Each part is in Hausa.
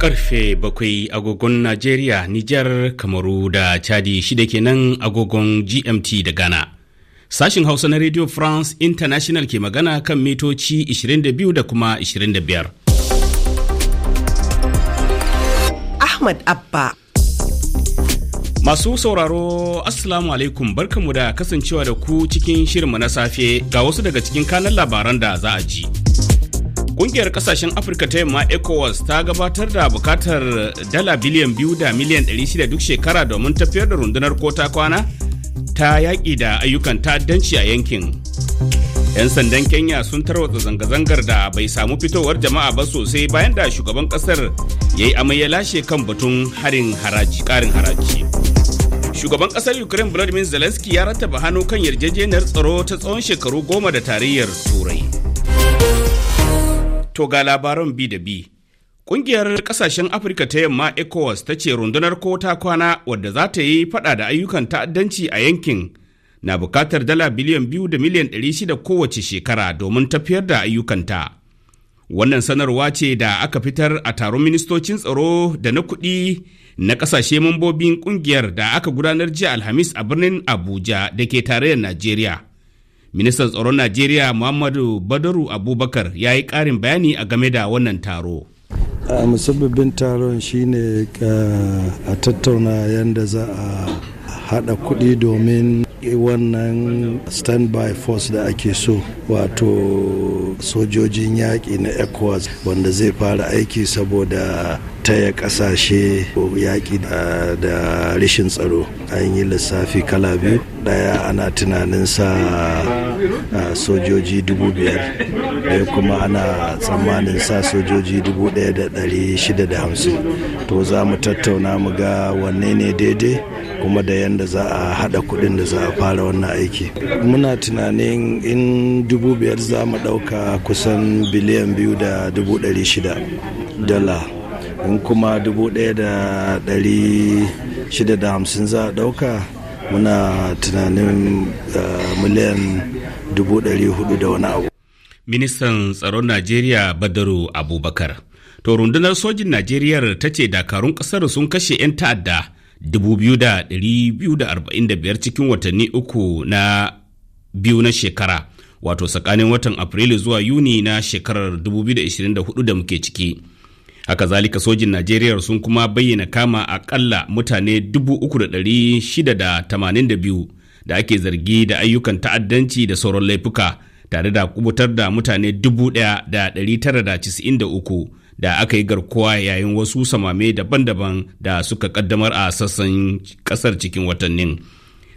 karfe bakwai agogon Najeriya, Nijar, Kamaru da Chadi shida kenan agogon GMT da Ghana. Sashen Hausa na Radio France International ke magana kan mitoci 22 da kuma 25. Ahmad Abba Masu sauraro Assalamu alaikum barkanmu da kasancewa da ku cikin shirinmu na safe ga wasu daga cikin kanan labaran da za a ji. Ƙungiyar ƙasashen Afirka ta yamma ECOWAS ta gabatar da bukatar dala biliyan biyu da miliyan ɗari shida duk shekara domin tafiyar da rundunar ko ta kwana ta yaƙi da ayyukan ta'addanci a yankin. 'Yan sandan Kenya sun tarwatsa zanga-zangar da bai samu fitowar jama'a ba sosai bayan da shugaban ƙasar ya yi amai ya lashe kan batun harin haraji ƙarin haraji. Shugaban ƙasar Ukraine Vladimir Zelensky ya rattaba hannu kan yarjejeniyar tsaro ta tsawon shekaru goma da tarayyar Turai. To ga labaran bi da bi. Ƙungiyar ƙasashen Afirka ta yamma ECOWAS ta ce rundunar ko ta kwana wadda za ta yi faɗa da ayyukan ta'addanci a yankin na bukatar dala biliyan biyu da miliyan ɗari shida kowace shekara domin tafiyar da ayyukanta. Wannan sanarwa ce da aka fitar a taron ministocin tsaro da na kuɗi na ƙasashe mambobin ƙungiyar da aka gudanar jiya Alhamis a birnin Abuja da ke tarayyar Najeriya. ministan tsaron najeriya muhammadu badaru abubakar ya yi ƙarin bayani a game da wannan taro a musabbabin taron shine a tattauna yadda za a hada kuɗi domin wannan standby force da ake so wato sojojin yaƙi na ecowas wanda zai fara aiki saboda taya ƙasashe yaƙi da rashin tsaro an yi lissafi kala biyu daya ana tunanin sa sojoji dubu biyar daya kuma ana tsammanin sa sojoji dubu daya da dari shida da hamsin to za mu tattauna mu ga wanne ne daidai kuma da yadda za a hada kudin da za a fara wannan aiki muna tunanin in dubu biyar za mu dauka kusan biliyan biyu da dubu dari shida dala in kuma dubu daya da dari 650 za a ɗauka muna tunanin eh, miliyan 400 da wani abu ministan tsaron najeriya badaru abubakar to rundunar sojin najeriya ta ce dakarun kasar sun kashe 'yan ta'adda 2,245 cikin watanni uku na biyu na shekara wato tsakanin watan afrilu zuwa yuni na shekarar 2024 da muke ciki haka zalika sojin najeriya sun kuma bayyana kama akalla mutane 3,682 da ake zargi da ayyukan ta'addanci da sauran laifuka tare da kubutar da mutane 1,993 da aka yi garkuwa yayin wasu samame daban-daban da suka kaddamar a sassan kasar cikin watannin.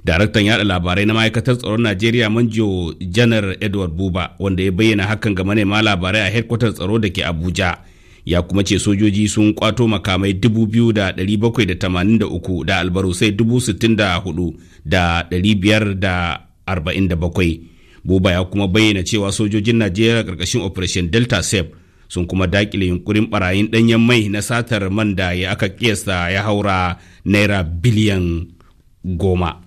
daraktan yada labarai na ma'aikatar tsaron najeriya manjo janar edward buba wanda ya bayyana hakan ga manema labarai a hedkwatar tsaro da ke abuja ya kuma ce sojoji sun kwato makamai 2,783 da albarusai 64,547 buba ya kuma bayyana cewa sojojin najeriya karkashin operation delta sef sun kuma dakile yunkurin barayin danyen mai na satar man da ya aka kiyasta ya haura naira biliyan goma.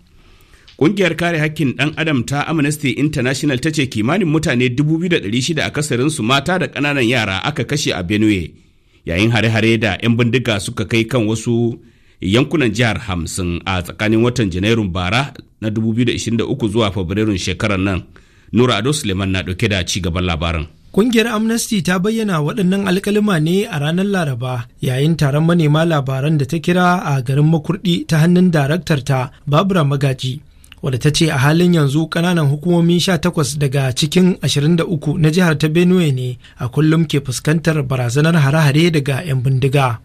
Ƙungiyar kare hakkin ɗan adam ta Amnesty International ta ce kimanin mutane 2,600 a kasarin su mata da ƙananan yara aka kashe a Benue yayin hare-hare da 'yan bindiga suka kai kan wasu yankunan jihar hamsin a tsakanin watan Janairun bara na 2023 zuwa Fabrairun shekarar nan. Nura Ado Suleiman na ɗauke da ci gaban labarin. ƙungiyar Amnesty ta bayyana waɗannan alkalima ne a ranar Laraba yayin taron manema labaran da ta kira a garin makurɗi ta hannun Daraktarta, ta Babura Magaji. wadda ta ce a halin yanzu kananan hukumomi sha takwas daga cikin 23 na jihar ta benue ne a kullum ke fuskantar barazanar hare-hare daga 'yan bindiga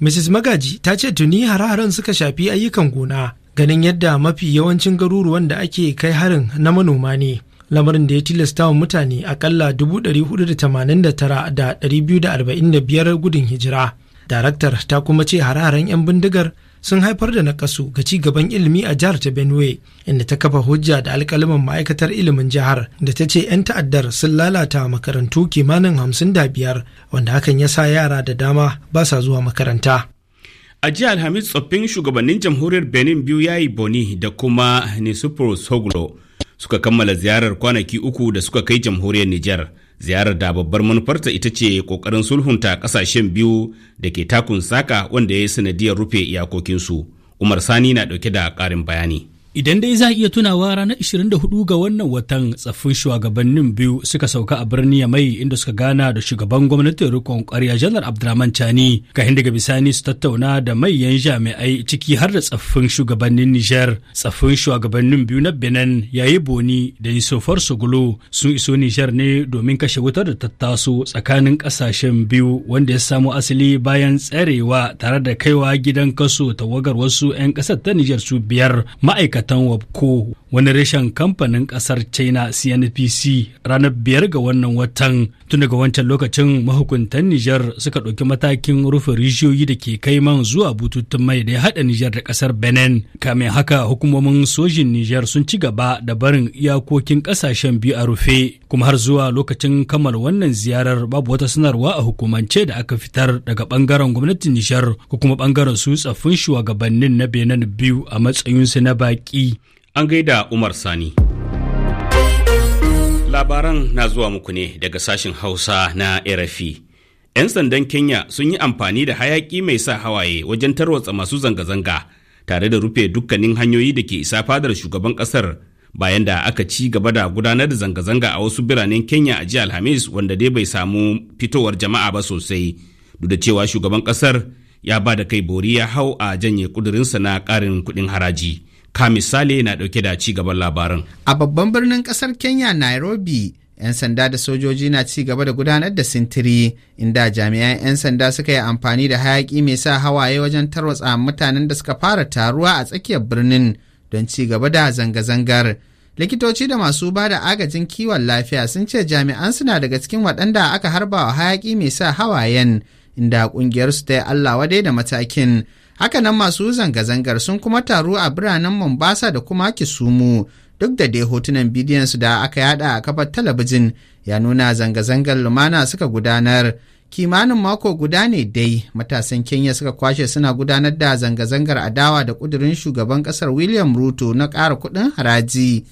mrs magaji ta ce tuni hare-haren suka shafi ayyukan gona ganin yadda mafi yawancin garuruwan da ake kai harin na manoma ne lamarin da ya tilasta wa mutane akalla 489,245 gudun hijira daraktar ta kuma ce hare-haren 'yan bindigar sun haifar da nakasu ga ci gaban ilimi a jihar ta benue inda ta kafa hujja da alkalaman ma'aikatar ilimin jihar da ta ce 'yan ta'addar sun lalata makarantu kimanin hamsin da biyar wanda hakan ya sa yara da dama ba sa zuwa makaranta a jiya alhamis tsoffin shugabannin jamhuriyar benin biyu ya yi boni da kuma nisupro soglo suka kammala ziyarar kwanaki uku da suka kai jamhuriyar nijar ziyarar da babbar manufarta ita ce kokarin sulhunta kasashen biyu da ke takun saka wanda ya yi sanadiyar rufe iyakokinsu umar sani na dauke da karin bayani Idan dai za a iya tunawa ranar 24 ga wannan watan tsaffin shugabannin biyu suka sauka a birnin mai inda suka gana da shugaban gwamnatin rikon kwariya janar abdulrahman Chani hin daga bisani su tattauna da manyan jami'ai ciki har da tsaffin shugabannin Nijar. Tsaffin shugabannin biyu na Benin yayi Boni da Yusufar Soglo sun iso Nijar ne domin kashe wutar da tattaso tsakanin ƙasashen biyu wanda ya samo asali bayan tsarewa tare da kaiwa gidan kaso tawagar wasu 'yan ƙasar ta Nijar su biyar ma'aikata ma'aikatan wapco wani reshen kamfanin kasar china cnpc ranar biyar ga wannan watan tun daga wancan lokacin mahukuntan niger suka ɗauki matakin rufe rijiyoyi da ke kai man zuwa bututun mai da ya haɗa niger da ƙasar benin kamin haka hukumomin sojin niger sun ci gaba da barin iyakokin ƙasashen biyu a rufe kuma har zuwa lokacin kammala wannan ziyarar babu wata sanarwa a hukumance da aka fitar daga ɓangaren gwamnatin niger ko kuma bangaren su tsaffin shugabannin na benin biyu a matsayinsu na baki hatsi an gaida Umar Sani. Labaran na zuwa muku ne daga sashen Hausa na RFI. 'Yan sandan Kenya sun yi amfani da hayaƙi mai sa hawaye wajen tarwatsa masu zanga-zanga tare da rufe dukkanin hanyoyi da ke isa fadar shugaban ƙasar bayan da aka ci gaba da gudanar da zanga-zanga a wasu biranen Kenya a jiya Alhamis wanda dai bai samu fitowar jama'a ba sosai duk da cewa shugaban ƙasar ya ba da kai bori ya hau a janye kudurinsa na ƙarin kuɗin haraji. ka misali na dauke da ci gaban labaran a babban birnin kasar kenya nairobi 'yan sanda da sojoji na ci gaba da gudanar da sintiri inda jami'an 'yan sanda suka yi amfani da hayaki mai sa hawaye wajen tarwatsa mutanen da suka fara taruwa a tsakiyar birnin don ci gaba da zanga-zangar likitoci da masu ba da agajin kiwon lafiya sun ce jami'an suna daga cikin waɗanda aka harbawa wa hayaki mai sa hawayen inda ƙungiyarsu ta yi allah wadai da matakin Hakanan masu zanga-zangar sun kuma taru a biranen Mombasa da kuma Kisumu duk da dai hotunan bidiyon su da aka yada a kafar talabijin ya nuna zanga-zangar lumana suka gudanar. Kimanin mako guda ne dai matasan Kenya suka kwashe suna gudanar da zanga-zangar adawa da ƙudirin shugaban kasar William Ruto na ƙara kuɗin haraji.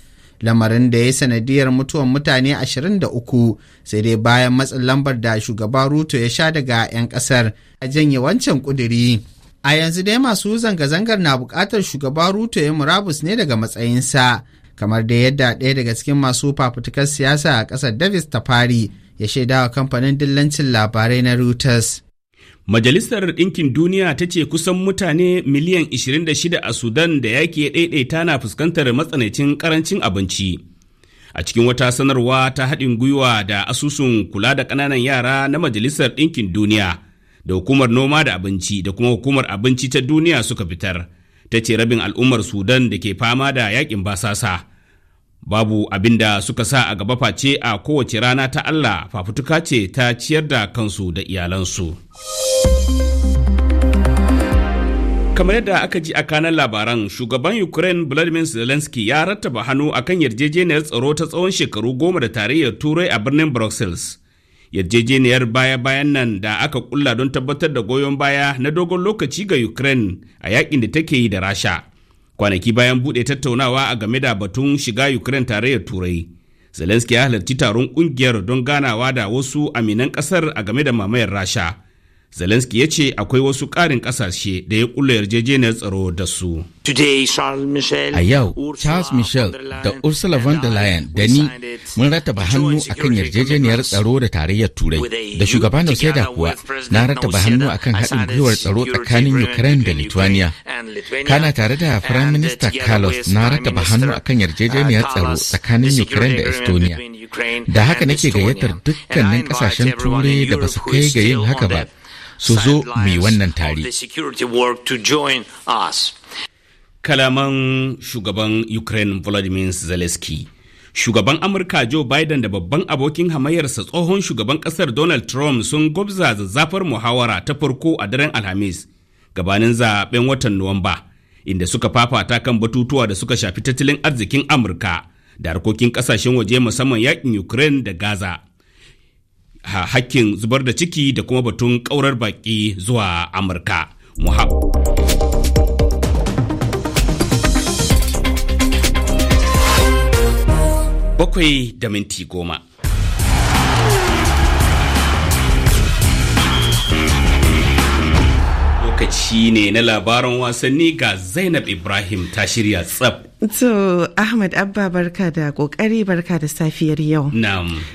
lamarin da ya yi sanadiyar mutuwan mutane 23 sai dai bayan matsin lambar da shugaba ruto ya sha daga 'yan kasar a janye wancan kuduri A yanzu dai masu zanga-zangar na buƙatar shugaba Ruto ya murabus ne daga matsayinsa, kamar da yadda ɗaya daga cikin masu fafutukar siyasa a ƙasar Davis ta fari ya shaidawa kamfanin dillancin labarai na Reuters. Majalisar Ɗinkin Duniya ta ce kusan mutane miliyan 26 a Sudan da yake ɗaiɗaita na fuskantar matsanancin ƙarancin abinci. A cikin wata sanarwa ta haɗin gwiwa da asusun kula da ƙananan yara na Majalisar Ɗinkin Duniya. da hukumar noma da abinci da kuma hukumar abinci ta duniya suka fitar ta ce rabin al'ummar sudan da ke fama da yakin basasa babu abin da suka sa a gaba face a kowace rana ta allah fafutuka ce ta ciyar da kansu da iyalansu kamar yadda aka ji a kanan labaran shugaban ukraine vladimir zelensky ya rattaba hannu akan yarjejeniyar tsaro ta tsawon shekaru goma da tarayyar turai a birnin brussels yarjejeniyar baya-bayan nan da aka kulla don tabbatar da goyon baya na dogon lokaci ga ukraine a yakin da take yi da rasha kwanaki bayan bude tattaunawa a game da batun shiga ukraine tarayyar turai zelensky ya halarci taron kungiyar don ganawa da wasu aminan kasar a game da mamayar rasha Zelensky ya ce akwai wasu karin ƙasashe da ya ƙulla yarjejeniyar tsaro da su. A yau, Charles Michel da Ursula von der Leyen da ni mun rataba hannu akan yarjejeniyar tsaro da tarayyar Turai. Da shugaban Nauseda kuwa na rataba hannu akan haɗin gwiwar tsaro tsakanin Ukraine da Lithuania. Kana tare da Prime Minister Carlos na rataba hannu akan uh, yarjejeniyar tsaro tsakanin Ukraine da Estonia. Da haka nake gayyatar dukkanin kasashen Turai da ba su kai ga yin haka ba. su zo mu yi wannan tare. Kalaman shugaban Ukraine Volodymyr Zelensky Shugaban Amurka Joe Biden da babban abokin hamayyarsa tsohon shugaban kasar Donald Trump sun gwabza zazzafar muhawara ta farko a daren Alhamis gabanin zaben watan Nuwamba, inda suka fafata kan batutuwa da suka shafi tattalin arzikin Amurka da harkokin kasashen waje musamman yakin Ukraine da Gaza. hakkin zubar da ciki da kuma batun ƙaurar baƙi zuwa amurka muhab bakwai da minti goma lokaci ne na labaran wasanni ga zainab ibrahim ta shirya tsab To Ahmad Abba barka da kokari barka da safiyar yau.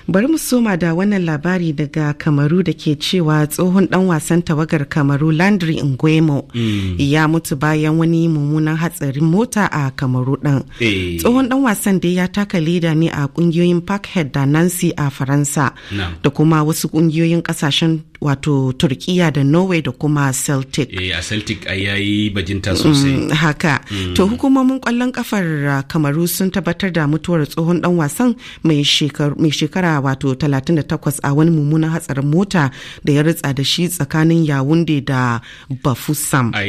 Bari mu soma da wannan labari daga Kamaru da ke cewa tsohon dan wasan tawagar Kamaru Landry Nguemo mm. ya mutu bayan wani mummunan hatsarin mota a Kamaru dan eh. Tsohon dan wasan da ya taka leda ne a kungiyoyin Parkhead da Nancy a Faransa da kuma wasu kungiyoyin kasashen wato Turkiya da Norway da kuma Celtic. Eh a Celtic a yayi bajinta sosai. Mm, haka. Mm. To hukumomin kwallon kafa kafar uh, kamaru sun tabbatar da mutuwar tsohon dan wasan mai shekara wato 38 a wani mummunan hatsarin mota da ya ritsa da shi tsakanin yawunde da bafusam a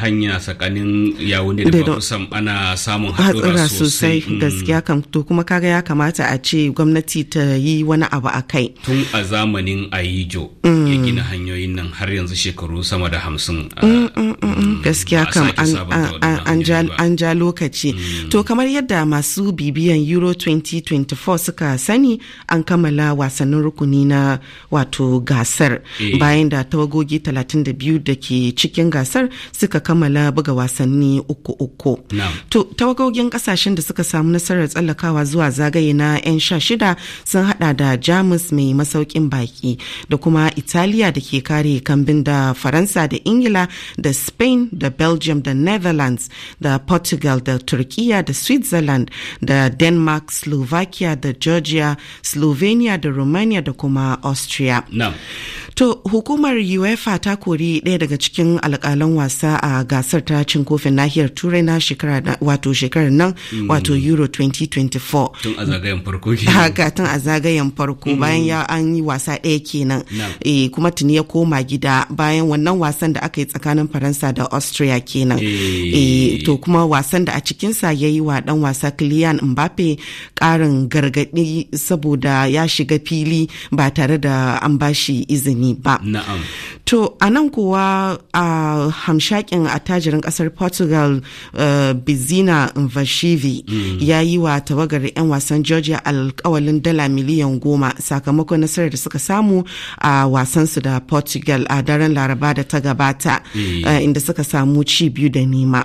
hanya tsakanin yawunde da bafusam ana samun hatsura sosai mm. gaskiya kam to kuma kaga ya kamata a ce gwamnati ta yi wani abu a kai tun a zamanin ayijo ya mm. gina hanyoyin nan har yanzu shekaru sama da hamsin mm, gaskiya kam an ja lokaci To kamar yadda masu bibiyan Euro 2024 suka sani an kammala wasannin rukuni na wato gasar eh. bayan da tawagogi 32 da ke cikin gasar suka kammala buga wasanni uku uku. To tawagogin kasashen da suka samu nasarar tsallakawa zuwa zagaye na 'yan sha shida sun hada da Jamus mai masaukin baki da kuma Italiya da ke kare kambin da Faransa da Ingila da Spain da Belgium da Netherlands da Portugal da Turkey. Slovakia da Switzerland da Denmark, Slovakia da Georgia, Slovenia da Romania da kuma Austria. To hukumar UEFA ta kori ɗaya daga cikin alƙalan wasa a gasar ta cin kofin nahiyar Turai na shekara wato shekarar nan hmm. wato Euro 2024. Tun a zagayen farko Haka tun a zagayen farko hmm. bayan ya an yi wasa ɗaya kenan. Eh, kuma tuni ya koma gida bayan wannan wasan da aka yi tsakanin Faransa da Austria kenan. Eh. Eh, to kuma wasan da a cikin sa ya yi wa ɗan wasa Kylian Mbappe ƙarin gargaɗi saboda ya shiga fili ba tare da an bashi izini ba. To a nan kuwa a hamshakin attajirin ƙasar Portugal eh, Bizina vashivi mm. ya yi wa tawagar 'yan wasan Georgia alkawalin dala miliyan goma sakamakon nasarar da suka samu a wasansu da Portugal a daren Laraba da ta gabata mm. eh, inda suka samu ci biyu da nema.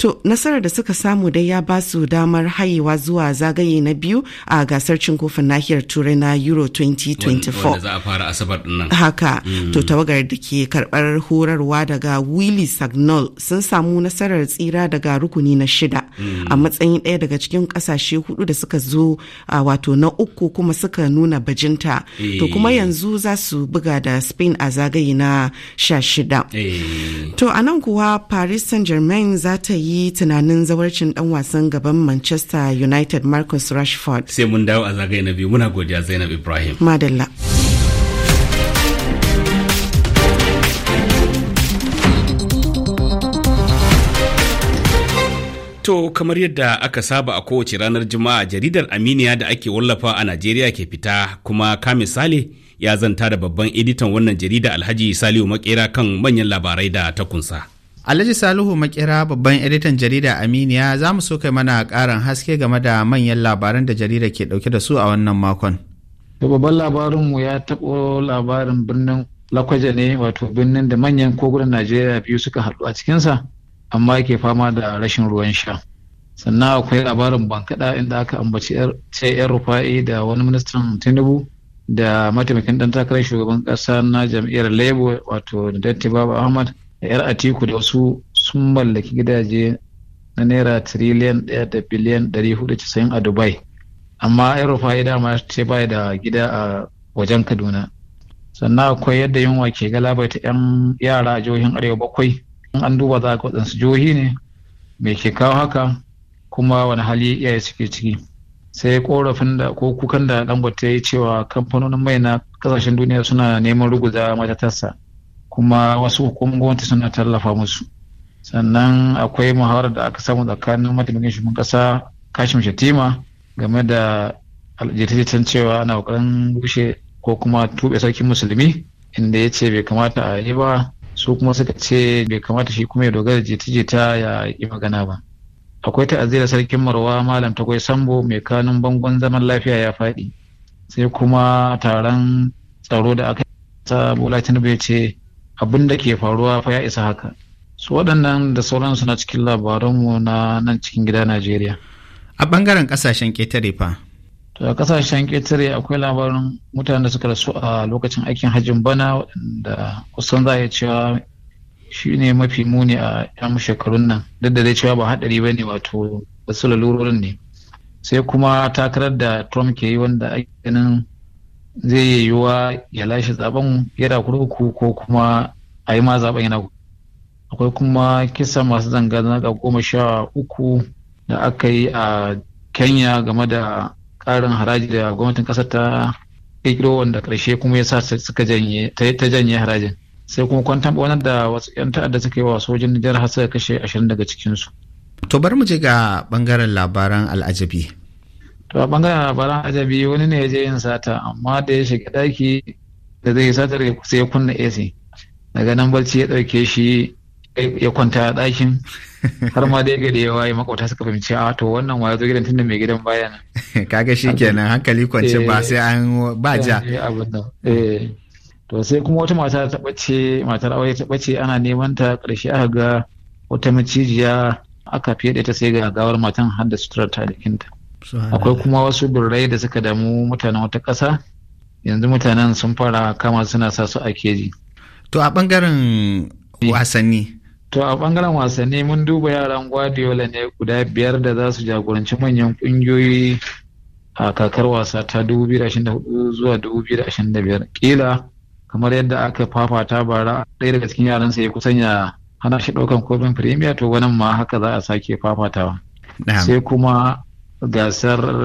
To nasarar da suka samu samu dai ya ba su damar hayewa zuwa zagaye na biyu a gasar cin kofin nahiyar turai na euro 2024 haka hmm. to tawagar da ke karbar horarwa daga willy sagnol sun samu nasarar tsira daga rukuni na shida hmm. a matsayin ɗaya daga cikin ƙasashe hudu da suka zo a wato na uku kuma suka nuna bajinta to kuma eh. yanzu za su buga da spain a zagaye na sha shida eh. to a nan kuwa paris saint germain za ta yi tunanin zawarcin tsohon dan wasan gaban Manchester United Marcus Rashford. Sai mun dawo a zagaye na biyu muna godiya Zainab Ibrahim. Madalla. To kamar yadda aka saba a kowace ranar Juma'a jaridar Aminiya da ake wallafa a Najeriya ke fita kuma ka misali ya zanta da babban editan wannan jarida Alhaji Saliu Makera kan manyan labarai da takunsa. Alhaji Salihu makira babban editan jarida Aminiya za mu so kai mana karin haske game da manyan labaran da jarida ke ɗauke da su a wannan makon. Da babban mu ya tabo labarin birnin Lakwaje ne wato birnin da manyan kogunan Najeriya biyu suka haɗu a cikinsa amma yake fama da rashin ruwan sha. Sannan akwai labarin bankaɗa inda aka ambaci 'yar rufa'i da wani ministan Tinubu da mataimakin ɗan takarar shugaban ƙasa na jam'iyyar Labour wato Datti Baba Ahmad. da yar atiku da wasu sun mallaki gidaje na naira tiriliyan ɗaya da biliyan ɗari a dubai amma yaro fa'ida ma ce bai da gida a wajen kaduna sannan akwai yadda yunwa ke galabaita yan yara a jihohin arewa bakwai in an duba za a waɗansu jihohi ne mai ke kawo haka kuma wani hali iyaye suke ciki sai korafin da ko kukan da dangote ya yi cewa kamfanonin mai na kasashen duniya suna neman ruguza matatarsa kuma wasu hukumomin gwamnati suna tallafa musu sannan akwai muhawarar da aka samu tsakanin mataimakin shugaban kasa kashim shatima game da jita cewa ana kokarin rushe ko kuma tube sarkin musulmi inda ya ce bai kamata a yi ba su kuma suka ce bai kamata shi kuma ya dogara jita-jita ya yi magana ba akwai ta'azira sarkin marwa malam takwai sambo mai kanun bangon zaman lafiya ya faɗi sai kuma taron tsaro da aka sa bola tinubu ya ce abin da ke faruwa fa ya isa haka su waɗannan da sauransu na cikin labaranmu na nan cikin gida najeriya a ɓangaren ƙasashen ƙetare fa to a ƙasashen ƙetare akwai labarin mutanen da suka rasu a lokacin aikin hajjin bana waɗanda kusan za a cewa shi ne mafi muni a yan shekarun nan duk da dai cewa ba haɗari ba ne wato wasu lalurorin ne sai kuma takarar da trump ke yi wanda ake ganin zai yi yiwuwa ya lashe zaben yana kurkuku ko kuma a yi ma zaben yana akwai kuma kisa masu zanga-zanga goma sha uku da aka yi a kenya game da karin haraji da gwamnatin kasar ta kirkiro wanda karshe kuma ya sa suka janye ta janye harajin sai kuma kwantan wannan da wasu 'yan ta'adda suka yi wa sojin nijar har suka kashe ashirin daga cikinsu to bar mu je ga ɓangaren labaran al'ajabi to a bangaren labaran ajabi wani ne ya je yin sata amma da ya shiga daki da zai sata sai ya kunna ac daga nan barci ya dauke shi ya kwanta a dakin har ma dai gari ya waye makwata suka fahimci a ah, to wannan wa zo gidan tunda mai gidan baya nan kaga shikenan hankali kwance ba eh. sai an ba ja eh, eh. to sai kuma wata mata ta bace matar aure ta bace ana neman ta karshe aka ga wata macijiya aka fiye da ta sai ga gawar matan har da suturar ta jikinta akwai kuma wasu birrai da suka damu mutanen wata ƙasa yanzu mutanen sun fara kama suna sa su a keji to a ɓangaren eh. wasanni to a ɓangaren wasanni mun duba yaran guardiola ne guda biyar da za su jagoranci manyan ƙungiyoyi a kakar wasa ta 2024 zuwa 2025 kila kamar yadda aka fafata bara ɗaya daga cikin yaransa ya kusan ya hana shi ɗaukan kofin firimiya to wannan ma haka za a sake fafatawa sai kuma de hacer